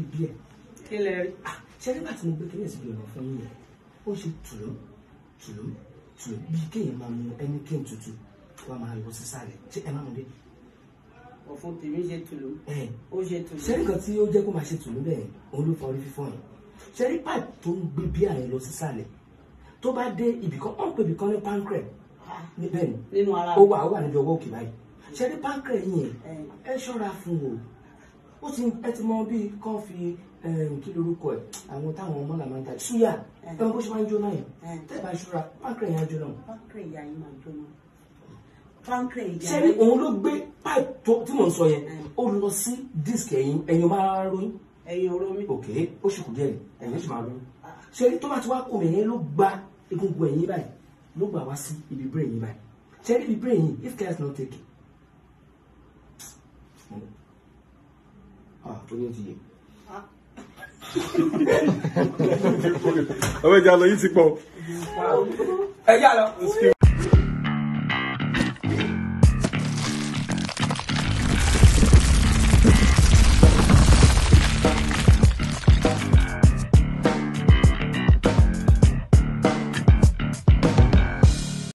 ibi ẹ̀. kí lẹ rí. Ah, ṣé nígbà tí mo gbé kí ní ìsìnkú ìrọ̀ fún yín yẹn ó ṣe tùlú tùlú tùlú bí kéèyàn máa mu ẹni kí n tutù wá máa lọ sísàlẹ̀ ṣé ẹ máa mú dé. ọ̀fun tèmi ṣe tùlú. ó ṣe tùlú. ṣé nǹkan tí ó jẹ́ kó máa ṣe tùlú bẹ́ẹ̀ òun ló fa orí fífọ́ yẹn ṣé rí pipe tó ń gbé bí àyẹn lọ sísàlẹ̀ tó bá dé ibìkan ah, ó ń pè ibìkan ní pancreas níbẹ̀ ni ó wà ó wà níbi ọwọ́ òkè ó ti ẹ ti mọ bí kán fi kí lorúkọ ẹ àwọn táwọn ọmọ làwọn ta ṣúyà ẹ mọ bó ṣe máa ń jóná yẹn tẹ bá ṣúra pánkìrì yẹn á jóná. pánkìrì ìyá yìí máa jóná. pánkìrì ìyá yìí. sẹ́ni òun ló gbé páìpù tí mò ń sọ yẹn ó lọ sí díìsì ẹ̀yìn ẹ̀yìn máa ń ròyìn. ẹ̀yìn olómi. òkè ó ṣì kù díẹ̀ ẹ̀yìn ṣì máa ròyìn. sẹ́ni ah. tó bá ti wá kùn ẹ̀yìn ló gba egungun ẹ̀yìn báyìí ló is not taken bóyá ó